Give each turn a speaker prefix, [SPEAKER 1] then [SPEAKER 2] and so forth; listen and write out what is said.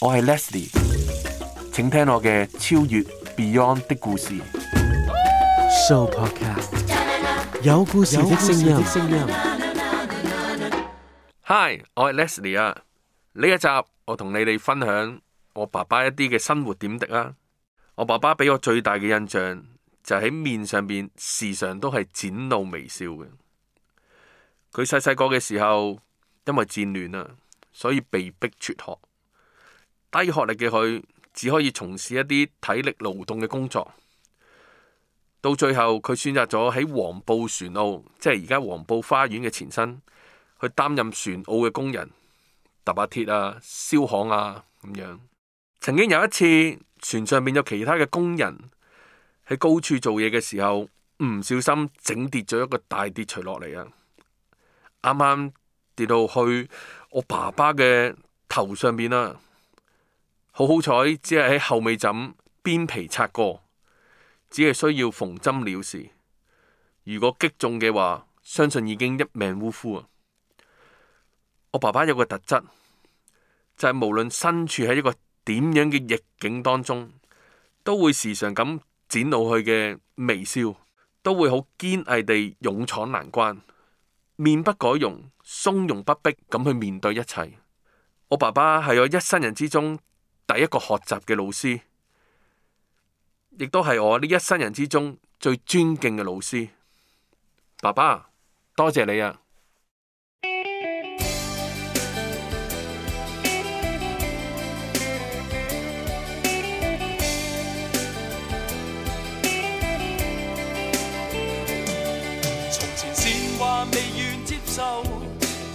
[SPEAKER 1] 我係 Leslie，請聽我嘅超越 Beyond 的故事。
[SPEAKER 2] So podcast 有故事的聲音。
[SPEAKER 1] Hi，我係 Leslie 啊。呢一集我同你哋分享我爸爸一啲嘅生活點滴啊。我爸爸俾我最大嘅印象就喺面上邊，時常都係展露微笑嘅。佢細細個嘅時候，因為戰亂啊，所以被逼輟學。低學歷嘅佢只可以從事一啲體力勞動嘅工作，到最後佢選擇咗喺黃埔船澳，即係而家黃埔花園嘅前身，去擔任船澳嘅工人，揼下鐵啊、燒焊啊咁樣。曾經有一次，船上面有其他嘅工人喺高處做嘢嘅時候，唔小心整跌咗一個大跌錘落嚟啊！啱啱跌到去我爸爸嘅頭上面啦。好好彩，只係喺後尾枕邊皮擦過，只係需要縫針了事。如果擊中嘅話，相信已經一命嗚呼。我爸爸有個特質，就係、是、無論身處喺一個點樣嘅逆境當中，都會時常咁展露佢嘅微笑，都會好堅毅地勇闖難關，面不改容，從容不迫咁去面對一切。我爸爸係我一生人之中，第一個學習嘅老師，亦都係我呢一生人之中最尊敬嘅老師。爸爸，多謝你啊！從前
[SPEAKER 2] 先話未願接受。